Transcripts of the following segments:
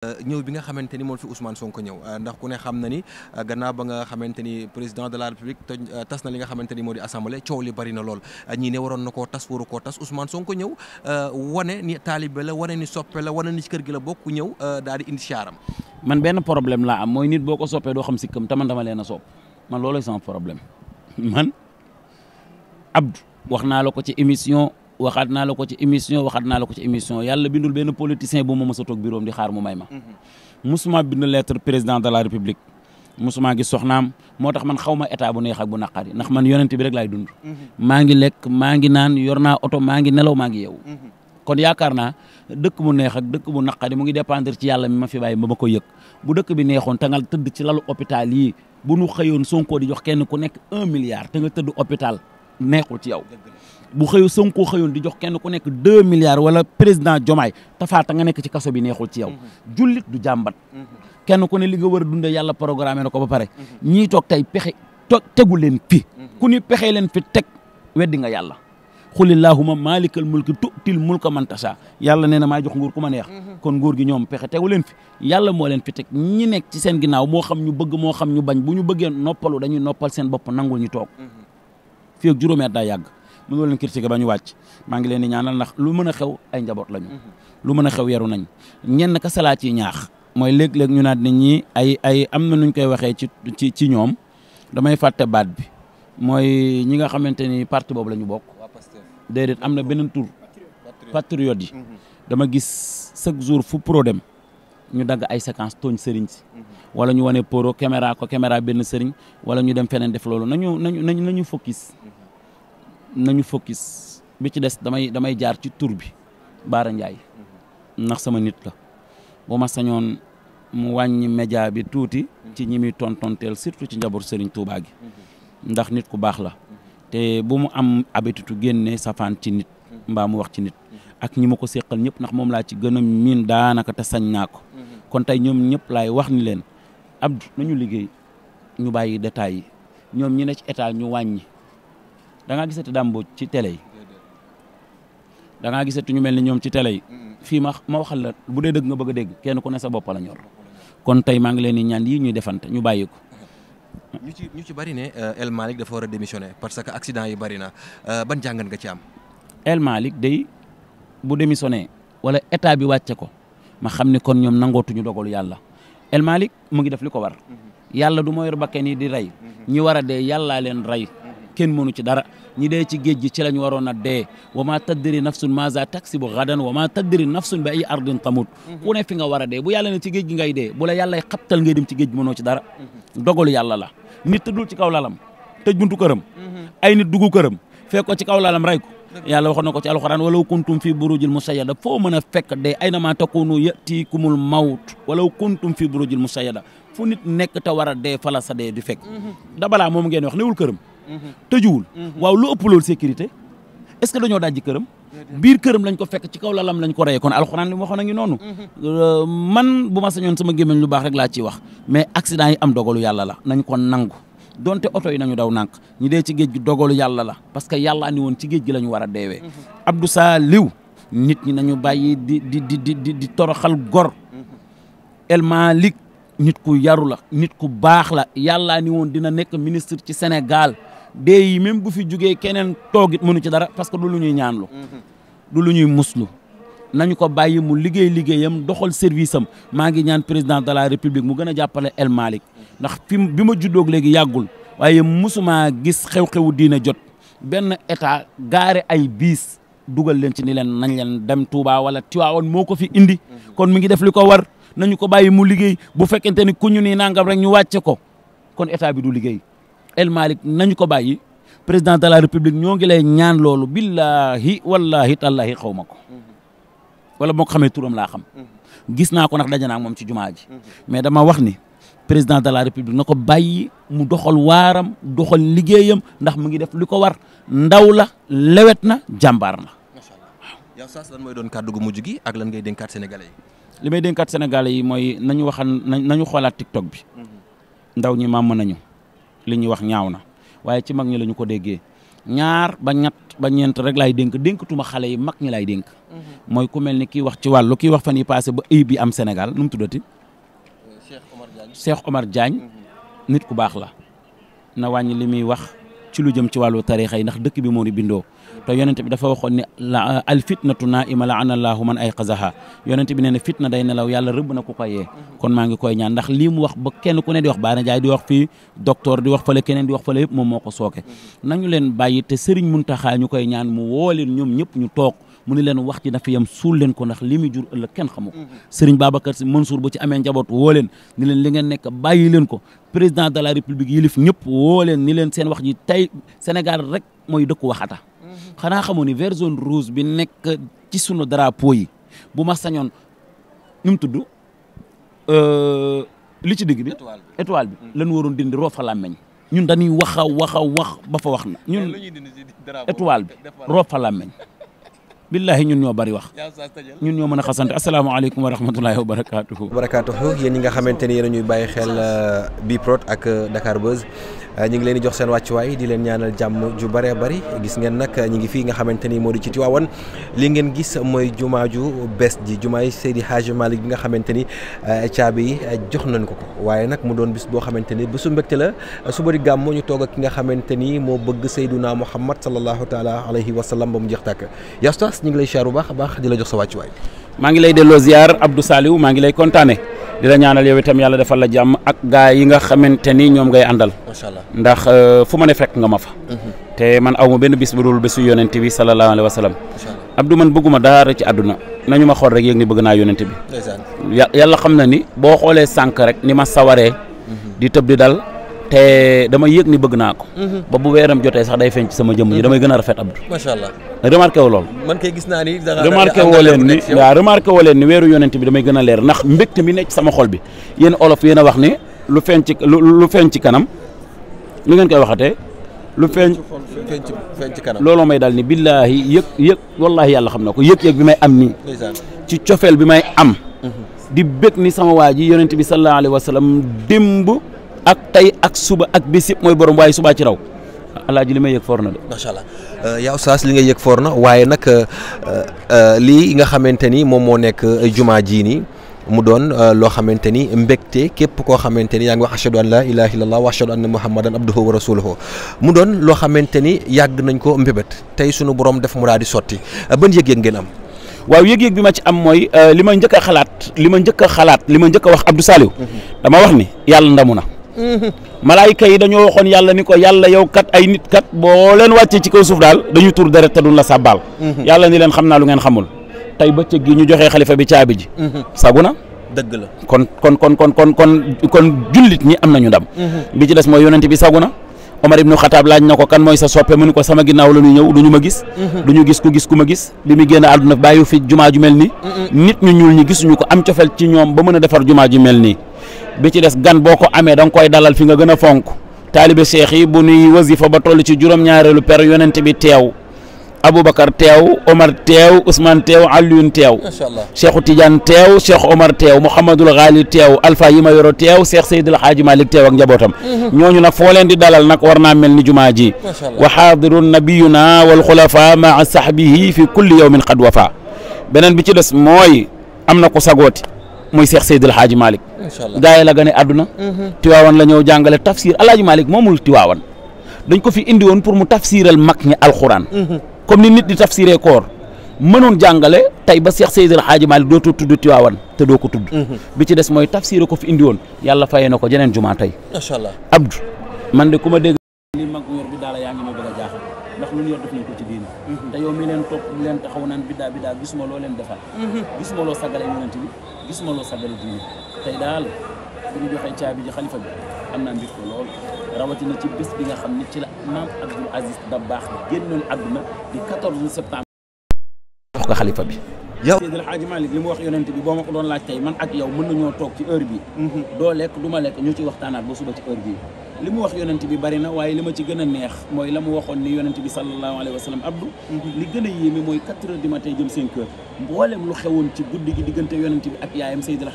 Euh, ñëw bi nga xamante ni moom fi Ousmane Sonko ñëw euh, ndax ku ne xam na ni euh, gannaaw ba nga xamante ni président de la république tas na li nga xamante ni moo di assemblée coow li bari na lool ñii ne waroon na koo tas waru koo tas Ousmane Sonko ñëw wane ni taalibe la wane ni soppe la wane ni ci kër gi la bokk ñëw daal di indi saaram man benn problème laa am mooy nit boo ko soppee doo xam si këm te man dama leen a sopp man loolooy sama problème man Abdou wax naa la ko waxaat naa la ko ci émission waxaat naa la ko ci émission yàlla bindul benn politicien bu ma mës a toog bureau di xaar mu may ma. Mhm. musuma bind lettre président de la république musuma gis soxnaam moo tax man xaw ma état bu neex ak bu naqari ndax man yonent bi rek laay dund. Mhm. maa ngi lekk maa ngi naan yor naa oto maa ngi nelaw maa ngi yeewu. Mhm. kon yaakaar naa dëkk bu neex ak dëkk bu naqari mu ngi dépendre ci yàlla mi ma fi bàyyi ba ma ko yëg bu dëkk bi neexoon te nga tëdd ci lalu hôpital yii bu nu xëyoon Sonko di jox kenn ku nekk un milliard te nga tëdd hôpital neexul ci yow bu xëyu Sonko xëyoon di jox kenn ku nekk deux milliards wala président Diomaye tafaata nga nekk ci kaso bi neexul ci yow mm-hmm. jullit du jàmbat mm-hmm. kenn ku ne li nga war a dundee yàlla na ko ba pare ñii toog tey pexe toog tegu leen fi mm-hmm. ku ni pexe leen fi teg weddi nga yàlla xulillahuma maalikal mulki tu'til mulka man tasha yàlla nee na maa jox nguur ku ma neex kon nguur gi ñoom pexe tegu leen fi yàlla moo leen fi teg ñi nekk ci seen ginnaaw moo xam ñu bëgg moo xam ñu bañ bu ñu bëggee noppalu dañuy noppal seen bopp nangul ñu toog fii ak juróomi at daa yàgg mënoo leen critiquer ba ñu wàcc maa ngi leen di ñaanal ndax lu mën a xew ay njaboot lañu. Mm-hmm. lu mën a xew yaru nañ ñenn ka salaa ciy ñaax. mooy léeg-léeg ñu naat nit ñi ay ay am na nu nuñ koy waxee ci ci ci ñoom damay fàtte baat bi mooy ñi nga xamante ni parti boobu la ñu bokk. déedéet am na beneen tur. patriote yi. Mm-hmm. dama gis chaque jour fu pro dem ñu dagg ay séquence tooñ sëriñ si. Mm-hmm. wala ñu wane poro caméra ko caméra benn sëriñ wala nañu fokki bi ci des damay damay jaar ci tur bi Baara Ndiaye mhm. ndax sama nit la boo ma sañoon mu wàññi média bi tuuti mhm. ci ñimi muy tontonteel surtout ci njaboot sëriñ Touba gi mhm. ndax nit ku baax la te bu mu am habitude génne safaan ci nit mbaa mu wax ci nit ak ñi ma ko seqal ñëpp ndax moom laa ci gën a miin daanaka te sañ naa ko kon tey ñoom ñëpp laay wax ni leen Abdou nañu liggéey ñu bàyyi détails yi ñoom ñi ne ci état ñu wàññi da ngaa gisati Dame ñu mel ni ñoom ci tele yi fii ma ma waxal la bu dee dëgg nga bëgg a dégg kenn ku ne sa bopp la ñor kon tey maa leen di ñaan yii ñuy defante ñu bàyyi ko. ñu ci ñu ci bari ne euh, El Malick dafa war a démissionner parce que accident yi bari na euh, ban jàngat nga ci am. El Malick day bu démissionné wala état bi wàcce ko ma xam ne kon ñoom nangootuñu dogalu yàlla El Malick mu ngi def li ko war. Mhm. yàlla du ma yor bakken yi di rey. Mhm. ñi war dee yàllaa leen rey. kenn mënu ci dara ñi dee ci géej gi ci lañ waroon a dee wa maa taddiri nafsun maaza taksibu gadan wa maa taddiri nafsun bi ay ardin tamut ku ne fi nga war a dee bu yàlla ne ci géej gi ngay dee bu la yàllay xabtal ngay dem ci géej gi mënoo ci dara dogalu yàlla la nit tëddul ci kaw lalam tëj buntu këram ay nit dugg këram fekk ci kaw lalam ray ko yàlla ci alxuraan walaw kuntum fi burujil musayyada foo a fu nit nekk te war a dee fala dee di tëjuwul mhm. waaw lu ëpp loolu sécurité est-ce que dañoo dajji kërëm biir kërëm lañ ko fekk ci kaw lalam lañ ko rayé kon alquran li mu waxoon mhm. euh, man buma sañon sama gémmiñ lu bax rek laa ci wax mais accident yi am dogolu yalla la nañ ko nangu donte auto yi nañu daw nank ñi dé ci géej gi dogolu yalla la parce que yalla ni won ci gi lañu wara déwé mhm. Abdou Saliw nit ñi nañu bayyi di di di di di toroxal gor El malik nit ku yaru la nit ku bax la yalla ni won dina nek ministre ci senegal dee yi même bu fi jugee keneen toogit mënu ci dara parce que du lu ñuy ñaanlu mhm. du lu ñuy muslu nañu ko bàyyi mu liggéey liggéeyam doxal service am maa ngi ñaan président de la république mu gën a jàppale El Malick ndax fi bi ma juddoog léegi yàggul waaye musuma gis xew-xewu diina jot benn état gaare ay biis dugal leen ci ni leen nañ leen dem Touba wala Tiwaawoon moo ko fi indi mhm. kon mi ngi def li ko war nañu ko bàyyi mu liggéey bu fekkente ni ku ñu ni nangam rek ñu wàcce ko kon état bi du liggéey El Malick nañu ko bàyyi président de la république ñoo ngi lay ñaan loolu billahi wallahi tallahi xaw ma ko wala moo ko xamee turam laa xam mhm. gis naa ko ndax daje naa moom ci jumaa ji mhm. mais dama wax ni président de la république na ko bàyyi mu doxal waaram doxal liggéeyam ndax mu ngi def li ko war ndaw la lewet na jàmbaar la. macha allah lan mooy doon gu ak lan ngay sénégalais sénégalais yi nañu waxan nañu tiktok bi. Mhm. ndaw ñi maam nañu. li ñu wax ñaaw na waaye ci mag ñi la ko déggee ñaar ba ñett ba ñeent rek laay dénk dénkatuma xale yi mag ñi lay dénk. Mm-hmm. mooy ku mel ni ki wax ci wàllu ki wax fan yi passé ba ayib bi am Sénégal nu mu tuddati. Cheikh Omar Diagne mm-hmm. nit ku baax la na wàññi li muy wax. ci lu jëm ci wàllu tarixa yi ndax dëkk bi moo ni bindoo te yonente bi dafa waxoon ne la al na naa ima laa anallahu man ay xazaha yonente bi nee na fitna day nelaw yàlla rëbb na ku ko yee kon maa ngi koy ñaan ndax lii mu wax ba kenn ku ne di wax baana jaay di wax fii docteur di wax fale keneen di wax fale yëpp moom moo ko sooke nañu leen bàyyi te sëriñ muntaxaa ñu koy ñaan mu wooleen ñoom ñëpp ñu toog mu ni leen wax ci na fi yam suul leen ko ndax li muy jur ëllëg kenn xamu ko Serigne Babacar Sy Mansour bu ci amee njaboot woo leen ni leen li ngeen nekk bàyyi leen ko président de la république yilif ñëpp woo leen ni leen seen wax ji tey Sénégal rek mooy dëkku waxata xanaa xamoo ni vert zone rouge bi nekk ci sunu drapeau yi bu ma sañoon nu mu tudd euh, li ci digg bi étoile bi mm. lan waroon dindi roo fa ñun dañuy wax a wax bafa wax ba fa wax na ñun étoile bi roo fa làmmeñ billahi ñun ñoo bari wax ñun ñoo mën a xasante asalaamaaleykum wa rahmatullahi wa barakaatuhu barakaatuhu yéen ñi nga xamante ni yéen a ñuy bàyyi xel Biprot ak Dakar Buzz Eh, ñi ngi leen di jox seen wàccuwaay di leen ñaanal jàmm ju bare bari gis ngeen nag ñi ngi fii nga xamante ni moo di ci Tiwaawan li ngeen gis mooy jumaa ju bees ji jumaay Seydi Hadji malik bi nga xamante ni eh, caabi yi eh, jox nañ ko ko waaye nag mu doon bis boo xamante ni bésu mbégte la suba di gàmmu ñu toog ak ki nga xamante ni moo bëgg Seyduna Muhammad sallallahu taala alayhi wa sallam ba mu jeex tàkk yastas ñi ngi lay xaar baax di la jox sa wàccuwaay maa ngi lay delloo ziar Abdou saliw maa ngi lay kontaane di la ñaanal yow itam yàlla defal la jàmm ak gaa yi nga xamante ni ñoom ngay àndal. macha allah ndax euh, fu ma ne fekk nga ma fa. Mhm. te man aw ma benn bis bu dul bésu yonent bi sallallahu alayhi wa sallam. Abdou man bëgguma daara ci àdduna nañu ma xool rek yéeg ni bëgg naa yonent bi. yàlla xam na ni boo xoolee sànq rek ni ma sawaree. Mhm. di tëb di dal. te dama yëg ni bëgg naa ko. Mhm. ba bu weeram jotee sax day feeñ ci sama jëmm ji mhm. damay gën a rafet Abdou. macha allah remarqué wu lool. man kay gis naa ni remarqué woo leen ni waaw remarqué woo leen ni weeru yonent bi damay gën a leer ndax mbégte mi nekk sama xol bi yéen olof yéen a wax ni lu feeñ ci lu feeñ ci kanam lu ngeen koy waxatee. lu feeñ feeñ ci kanam looloo may daal ni billaahi yëg yëg wallaahi yàlla xam na ko yëg-yëg bi may am nii ci cofeel bi may am mhm. di bëgg ni sama waa ji yonent bi sallallahu alayhi wa sallam ak tey ak suba ak bis yëpp mooy borom waaye subaa ci raw alaaji li may yëg foor na de. macha allah euh, yow Saas li nga yëg foor na waaye nag euh, euh, lii nga xamante ni moom moo nekk jumaa jii nii mu doon loo xamante ni mbégte képp koo xamante ni yaa ngi wax ashadu an laa ilaaha illallah wa ashadu anna muhammadan abduhu wa rasuluhu mu doon loo xamante ni yàgg nañ ko mbébét tey sunu borom def mu daal di sotti ban yëg-yëg am. waaw yëg-yëg bi ma ci am mooy li ma njëkk a xalaat li ma njëkk a xalaat li ma njëkk a wax Abdou Saliou mhm. dama wax ni yàlla ndamu na. malaayika yi dañoo waxoon yàlla ni ko yàlla yow kat ay nit kat boo leen wàccee ci kaw suuf daal dañu tur deret a duñ la sàbbaal mhm. yàlla ni leen xam naa lu ngeen xamul tey bëccëg gi ñu joxee xalifa bi caabi ji mhm. sagu na dëgg la kon kon kon kon kon kon kon jullit ñi am nañu ndam mhm. bi ci des mooy yonent bi sagu na Omar ibnu Xataab laaj na ko kan mooy sa soppe mu ni ko sama ginnaaw la ñuy ñëw du ñu ma gis du ñu gis ku gis ku ma gis bi mu génn àdduna bàyyi fi jumaa ju mel nii nit ñu ñuul ñi gisuñu ko am cofel ci ñoom ba a defar jumaa ju mel nii bi ci des gan boo ko amee da nga koy dalal fi nga gën a fonk taalibe seex yi bu nuy wasifa ba toll ci juróom-ñaareelu per yonent bi teew Aboubacar teew Omar teew Ousmane teew Alioune teew Cheikhu Tidiane teew Cheikh Omar teew Mouhamadul Ghali teew Alpha yi ma yoro teew Cheikh Seydil Hadji Malick teew ak njabootam ñooñu nag foo leen di dalal nag war naa mel ni jumaa ji wa xaadirun nabiyuna wal xulafa maa sahbihi fi kulli yawmin qad wafa beneen bi ci des mooy am na ko sagooti muy Cheikh Seydil Hadji Malick gaay la gane àdduna mhm. tiwawan la ñew jangalé tafsir alaaji malik momul tiwawan dañ ko fi indi won pour mu tafsiral mag ñi mhm. comme ni nit di tafsiré koor mënon jangalé tay ba Cheikh Seydil Hadji Malick dootoo tuddu tiwawan te doo ko tudd mhm. bi ci dess moy tafsiré ko fi indi won yalla fayé nako jenen juma tay inshallah Abdou man de kuma ma dégg li mag wor bi daala yaangi ngi ma bëgg ndax lu ñu yor ko ci diine da yow mi leen topp leen taxaw naan biddaa gis gisuma lo leen defal gisuma loo sagale yonent bi gisuma lo sagalé diine tey daal bu ñu joxee caabi ji xalifa bi am naa mbir ko lool rawatina ci bés bi nga xam ne ci la maam Abdoul Aziz Dabakh génnoon àdduna di 14 septembre. wax nga xalifa bi. yow Seydil Hadji Malick li mu wax yonent bi boo ma ko doon laaj tey man ak yow mën nañoo toog ci heure bi doo lekk du ma lekk ñu ci waxtaanaat ba suba ci heure bi li mu wax yonent bi bari na waaye li ma ci gën a neex mooy la mu waxoon ni yonent bi sallallahu alayhi wa sallam abdou li gën a yéeme mooy quatre heures du matin jëm cinq heures mboolem lu xewoon ci guddi gi diggante yonent bi ak yaayam Seydil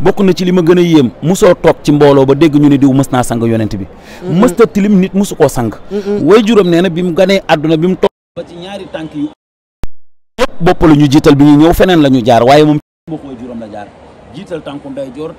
bokku na ci lima gëna yëm muso tok ci mbolo ba dégg ñu ni diw mësna sang yonent bi mësta tilim nit musu ko sang way juróom neena bimu gané aduna bimu tok ba ci ñaari tank yu yëpp bopp lu ñu jiital bi ñu ñëw fenen lañu jaar waye mom bopp way juróom la jaar jiital tanku nday jor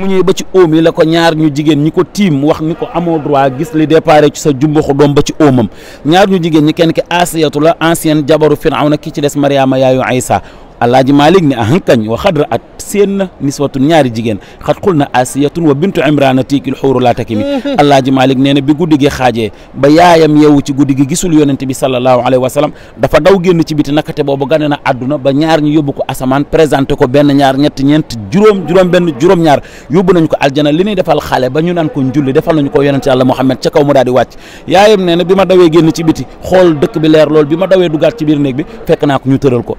mu ñëw ba ci oom yi la ko ñaar ñu jigen ñiko tim wax ni ko amoo droit gis li déparé ci sa jumbaxu dom ba ci oomam ñaar ñu jigen ñi kenn ki asiyatu la ancienne jabaru firawna ki ci dess mariama yaayu aysa alaaji malik ne ahankañ wa xadra at seen na niswatun ñaari jigéen xat xul na asiyatun wa bintu imrana tiikil xuuru laa takimi alaaji malik nee na bi guddi gi xaajee ba yaayam yeewu ci guddi gi gisul yonente bi sallallahu alayhi wa sallam dafa daw génn ci biti nakate boobu gane na ba ñaar ñu yóbbu ko asamaan présenté ko benn ñaar ñett ñeent juróom juróom benn juróom ñaar yóbbu nañ ko aljana li ñuy defal xale ba ñu naan ko njulli defal nañu ko yonente yàlla muhammad ca kaw mu daal di wàcc yaayam nee na bi ma dawee génn ci biti xool dëkk bi leer lool bi ma dawee dugaat ci biir néeg bi fekk naa ko ñu tëral ko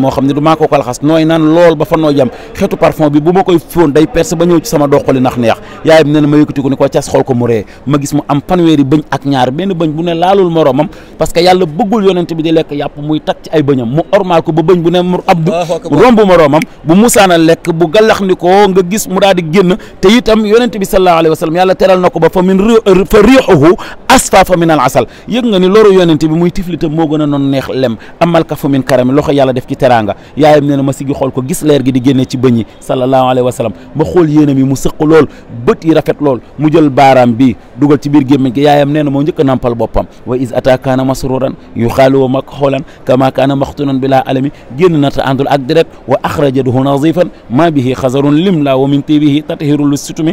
moo xam ne du maa ko ko nooy naan lool ba fa noo jam xeetu parfum bi bu ma koy fóon day perse ba ñëw sama doxali nax neex yaayam nee na ma yëkkati ko mu ree ma gis mu am fanweeri bëñ ak ñaar benn bëñ bu ne laalul moromam parce que yàlla bëggul yonent bi di lek yap muy tak ci ay bëñam mu ormaal ko bu bëñ bu ne mu abdu romb moroomam bu musaana lek bu gàllax ni ko nga gis mu daal génn te itam yonent bi sallallahu alayhi wasallam yàlla teral nako ba fa min fa riixuhu asfafa min al asal yëg nga ni loru yonent bi muy tiflitam mo gën non neex lem amal ka fa min karami loxo yàlla def ci teranga yaayam neena ma sigi xol ko gis leer gi di genn ci bëñ sallallahu alayhi wasallam sallam ma xool yéenam yi mu sekk lol beut yi rafet lol mu jël baram bi dugal ci bir gemmi gi yaayam neena mo moo nampal bopam wa iz atakaana مسرورا يخالو مكحولا كما كان مختونا بلا ألم جنة عند الأقدرك وأخرجته نظيفا ما به خزر لملا ومن طيبه تطهير للستم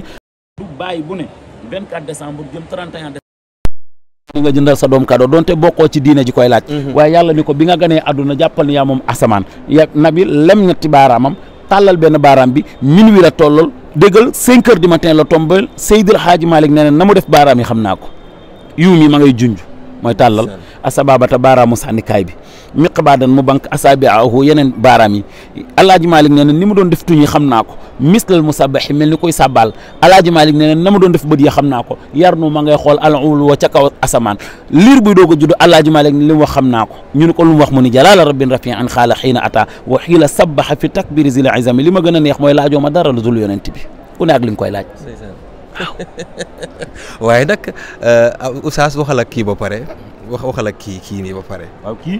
باي بني 24 ديسمبر جيم 31 nga jëndal sa doom kado donte bokko ci diine ji koy laaj waaye yàlla niko bi nga gane aduna jàppal ni yaa moom asamaan ya nabi lem ñetti baramam talal ben baram bi minuit la tollal déggal 5h du matin la tombal sayyidul haji malik nee namu def baram yi xam naa ko yuum ma ngay junj moy talal ta bara asababata baaraamu sànnikaay bi miqbaadan mu bank asabi'ahu yenen barami yi malik nee nimu don def tuñi yi ko mislal musabbih mel ni koy sàbbaal alaaji malik nee na don def bët yi xam ko yarnu ma ngay xol alul wa chaqaw asaman lir bu dogo doog a judd alaaji malik ni limu mu ko ñu ko lu wax mu ni jalal rabbin rafi'an an xaala ata wa hila sabbaha fi takbir zil azami lima gëna neex moy laajoo ma dara lu dul yonent bi ku nak li nga koy laaj waye nak euh oustaz waxal ak ki ba pare wax waxal ak kii kii nii ba pare. waaw kii.